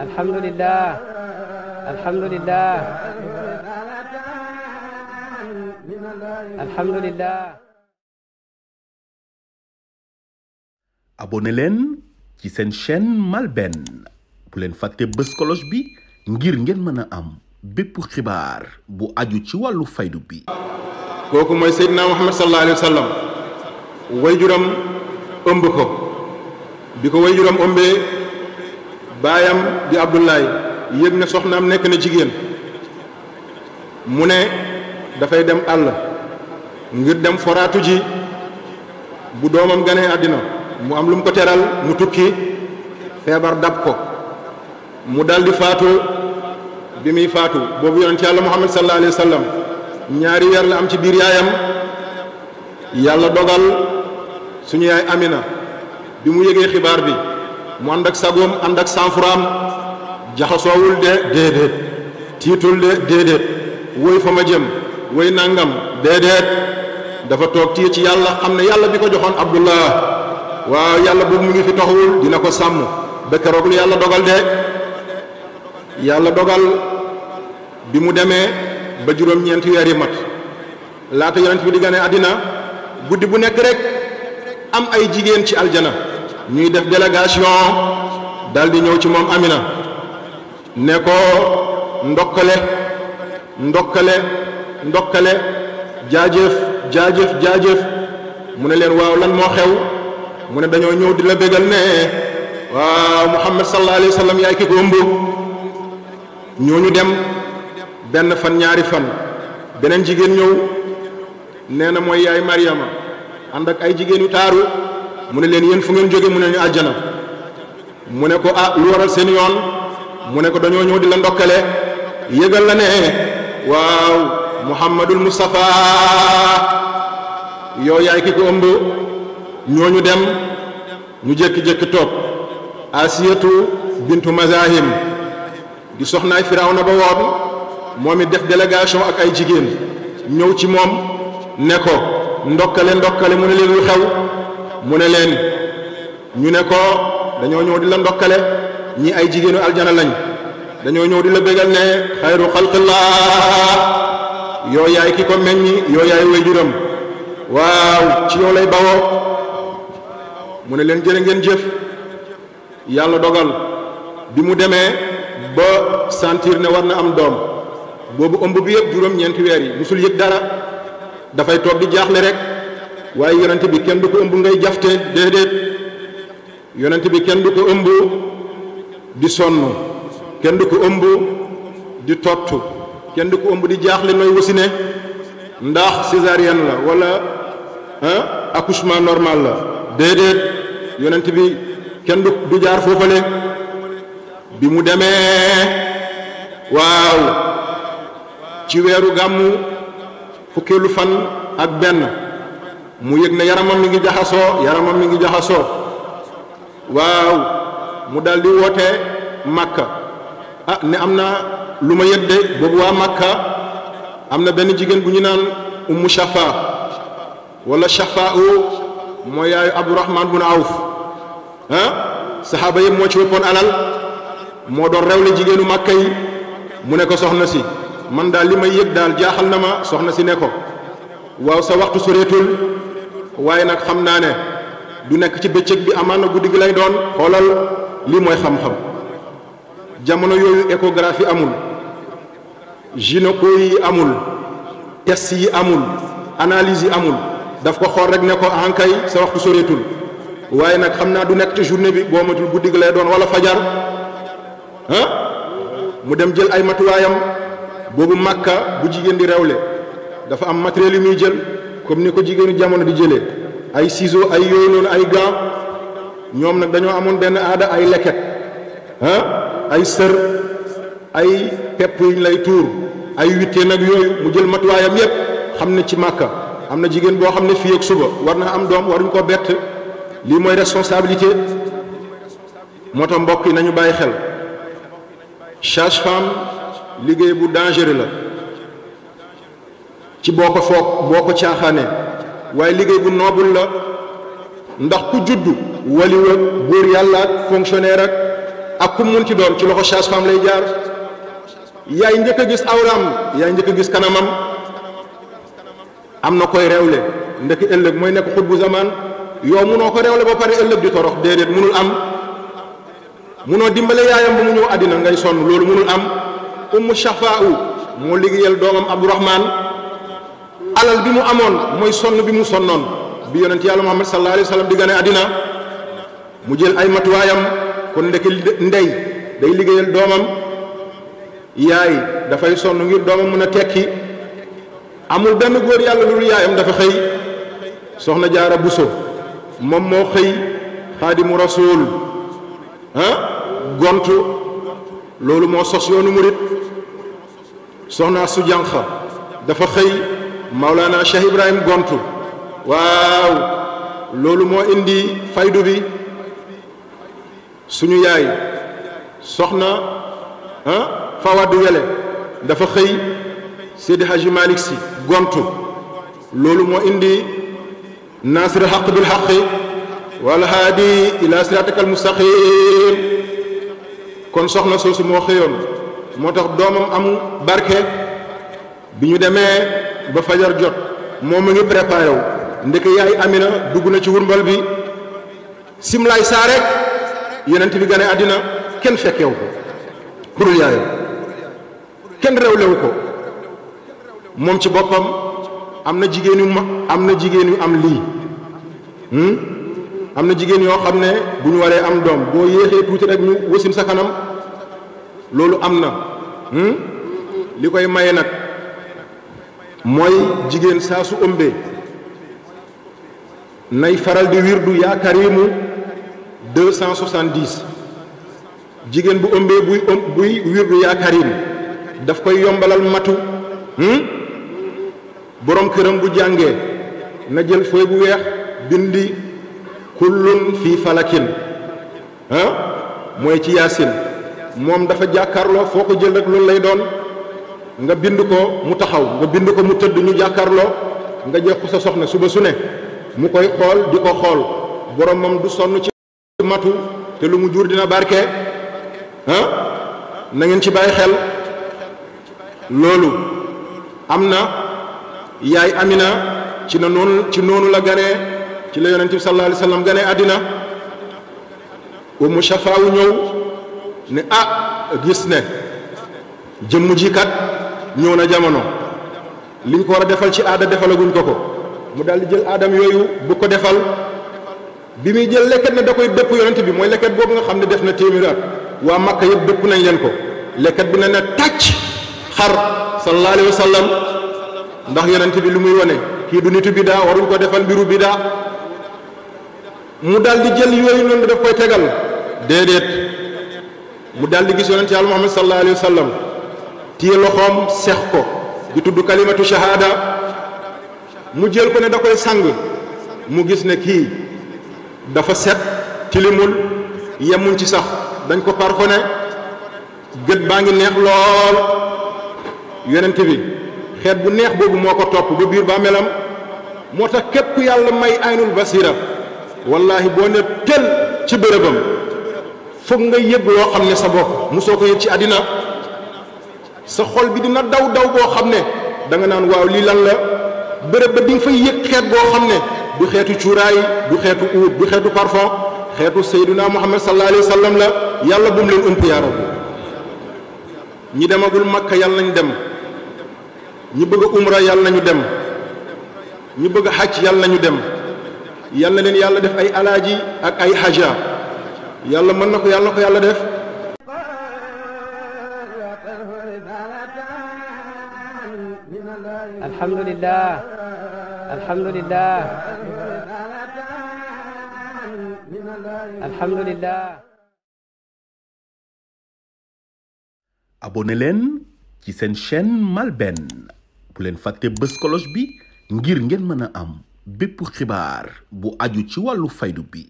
alhamdulilah alhamdulilah alhamdulilah. abonné leen ci seen chaîne MALBN bu leen fàtte bës cloche bi ngir ngeen mën a am bépp xibaar bu aju ci wàllu faydu bi. kooku mooy Seydina Muhammad sallallahu alayhi ëmb ko. bi ko waajuram ombee baayam di Abdoulaye yëg ne soxnaam nekk na jigéen mu ne dafay dem àll ngir dem foraatu ji bu doomam ganee àddina mu am lu mu ko teral mu tukki feebar dab ko mu daldi faatu bi muy faatu boobu yonent yàlla muhammad sallallahu alayhi wa sallam ñaari weer la am ci biir yaayam yàlla dogal suñu yaay amina bi mu yëgee xibaar bi mu ànd ak sagoom ànd ak sanfuraam jaxasoowul de déedéet tiitul de déedéet woy fa ma jëm woy nangam déedéet dafa toog tiit ci yàlla am na yàlla bi ko joxoon abdullah waaw yàlla boobu mu ngi fi taxawul dina ko sàmm ba keroog lu yàlla dogal de yàlla dogal bi mu demee ba juróom-ñeenti weer yi mat laata yonent bi di àddina guddi bu nekk rek am ay jigéen ci aljana ñuy def délégation dal ñëw ci moom Amina ne ko ndokkale ndokkale ndokkale jaajëf jaajëf jaajëf mu ne leen waaw lan moo xew mu ne dañoo ñëw di la bégal ne waaw Muhammad sallallahu alayhi wa sallam yaay ki ko ëmb ñooñu dem benn fan ñaari fan beneen jigéen ñëw nee na mooy yaay Mariama ànd ak ay jigéen yu taaru mu ne leen yéen fu ngeen jóge mu ne ñu àjjana mu ne ko ah lu waral seen yoon mu ne ko dañoo ñëw di la ndokkale yëgal la ne waaw muhammadul mustafa yow yaay ki ko ëmb ñooñu dem ñu jékki-jékki toog asiyatu bintu mazahim di soxnaay firawna ba woon moom it def délégation ak ay jigéen ñëw ci moom ne ko ndokkale ndokkale mu ne leen lu xew mu ne leen ñu ne ko dañoo ñëw di la ndokkale ñi ay jigéenu aljana lañ dañoo ñëw di la bégal ne xayru xalqillah yoo yaay ki ko meññi yoo yaay wéjuram waaw ci yow lay bawoo mu ne leen jërë ngeen jëf yàlla dogal bi mu demee ba sentir ne war na am doom boobu ëmb bi yëpp juróom-ñeenti weer yi musul yëg dara dafay toog di jaaxle rek waaye yonent bi kenn du ko ëmb ngay jafte déedéet yonent bi kenn du ko ëmb di sonn kenn du ko ëmb di tott kenn du ko ëmb di jaaxle nooy wasine ndax césarienne la wala accouchement normal la déedéet yonent bi kenn du du jaar foofale bi mu demee waaw ci weeru gàmmu fukkeelu fan ak benn mu yëg ne yaramam mi ngi jaxasoo yaramam mi ngi jaxasoo waaw mu daldi woote màkka ah ne am na lu ma yëg de boobu waa màkka am na benn jigéen bu ñu naan ummu shafa wala shafa u mooy yaayu abdourahman bun awf ah saxaaba yëpp moo ci wëppoon alal moo doon rewle jigéenu màkka yi mu ne ko soxna si man daal li may yëg daal jaaxal na ma soxna si ne ko waaw sa waxtu soreetul waaye nag xam naa ne du nekk ci bëccëg bi amaan na guddi gi lay doon xoolal lii mooy xam-xam jamono yooyu échographie amul gynéco yi amul test yi amul analyse yi amul daf ko xool rek ne ko ankay ah, sa waxtu soreetul waaye nag xam naa du nekk ci journée bi boo matul guddi gi lay doon wala fajar mu dem jël ay matuwaayam boobu màkka bu jigéen di rewle dafa am matériel yi muy jël comme ni ko jigéenu jamono di jëlee ay ciseaux ay yooyu noonu ay gants ñoom nag dañoo amoon benn aada ay leket ay sër ay pepp yuñ lay tuur ay witte nag yooyu mu jël matuwaayam yépp xam ne ci màkka am na jigéen boo xam ne fii ak suba war na am doom waruñ ko bett lii mooy responsabilité moo tax mbokk yi nañu bàyyi xel sage-femme liggéey bu dangereux la ci boo ko foog boo ko caaxaanee waaye liggéey bu noobul la ndax ku juddu waliw buur yàlla ak fonctionnaire ak ak ku mun ci doon ci loxo sage lay jaar yaay njëkk a gis awraam yaay njëkk a gis kanamam am na koy rewle ndeki ëllëg mooy nekk xut bu zamaan yow munoo ko rewle ba pare ëllëg di torox déedéet munul am munoo dimbale yaayam ba mu ñëw àddina ngay sonn loolu munul am ummu shafaa moo liggéeyal doomam abdourahman alal bi mu amoon mooy sonn bi mu sonnoon bi yonent yàlla muhammad sallallahu alayhi wa sallam di gane àddina mu jël ay matuwaayam kon ndeke ndey day liggéeyal doomam yaay dafay sonn ngir doomam mën a tekki amul benn góor yàlla lu dul yaayam dafa xëy soxna jaara buso moom moo xëy xaadimu rasuul ah gontu loolu moo sos yoonu murit soxna su jànq dafa xëy Maulana Cheikh Ibrahim Gontu waaw loolu moo indi faydu bi suñu yaay soxna ah Fawadu Wele dafa xëy Seydi Hadji Malick Sy gontu loolu moo indi nasir xaq bil xaqi wal haadi ila siratakal mustaqim kon soxna soosu moo xëyoon moo tax doomam amu barke bi ñu demee ba fajar jot moom mu ngi préparé wu ndeke yaay Amina dugg na ci wurmbal bi simlaay saa rek yenent bi gane àddina kenn fekkewu ko kurul yaayam kenn rewlewu ko moom ci boppam am na jigéen yu ma am na jigéen yu am lii hmm? am na jigéen yoo xam ne bu ñu waree am doom boo yéexee tuuti rek ñu wasin sa kanam loolu am na hmm? li koy maye nag mooy jigéen saa su ëmbee nay faral di wirdu yaa karimu deux jigéen bu ëmbee buy ëm buy wirdu yaa daf koy yombalal matu hmm? boroom këram bu jàngee na jël fooy bu weex bindi kullun fii falakin ah mooy ci yaasin moom dafa jàkkaarloo foo ko jël rek loolu lay doon nga bind ko mu taxaw nga bind ko mu tëdd ñu jàkkarloo nga jox ko sa soxna suba su ne mu koy xool di ko xool boromam du sonn ci matu te lu mu jur dina barke ah na ngeen ci bàyyi xel loolu am na yaay Amina ci na noonu ci noonu la ganee ci la yonent bi sallallahu alayhi wasallam ganee àddina umu shafaawu ñëw ne a ah, gis ne jëmm ji kat ñëw na jamono liñ ko war a defal ci aada defalaguñ ko ko mu daal di jël aadam yooyu bu ko defal bi muy jël lekket ne da koy dëpp yonent bi mooy leket boobu nga xam ne def na téeméeri at waa Makka yëpp dëpp nañ leen ko leket bi ne na tàcc xar sallallahu alayhi wa sallam ndax yonent bi lu muy wane kii du nitu bidaa waruñ ko defal mbiru bidaa mu daal di jël yooyu noonu daf koy tegal déedéet mu daal di gis yonent yàlla Muhammad sallallahu alayhi wa téye loxoom sex ko di tudd kalimatu shahada mu jël ko ne da koy sang mu gis ne kii dafa set tilimul yemuñ ci sax dañ ko parfone gët baa ngi neex lool yonent bi xeet bu neex boobu moo ko topp ba biir bàmmeelam moo tax képp ku yàlla may aynul basira wallahi boo ne tël ci bërëbam foog nga yëg loo xam ne sa bopp mu soo ko yëg ci àddina sa xol bi dina daw daw boo xam ne danga naan waaw lii lan la bërëb ba di nga fay yëg xeet boo xam ne du xeetu cuuraay du xeetu uut du xeetu parfum xeetu sayduna muhammad sallallahu alayhi wa la yàlla bu leen ëmp yaa ñi demagul makka yàlla nañ dem ñi bëgg a umra yàlla nañu dem ñi bëgg a xaj yàlla nañu dem yàlla na leen yàlla def ay alaaji ak ay haja yàlla mën na ko yàlla ko yàlla def alhamdulillah alhamdulillah alhamdulillah abonné leen ci seen chaîne malben bu leen fàtte bës cloche bi ngir ngeen mën a am bépp xibaar bu aju ci wàllu faydu bi